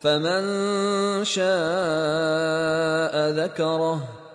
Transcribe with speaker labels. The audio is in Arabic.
Speaker 1: فمن شاء ذكره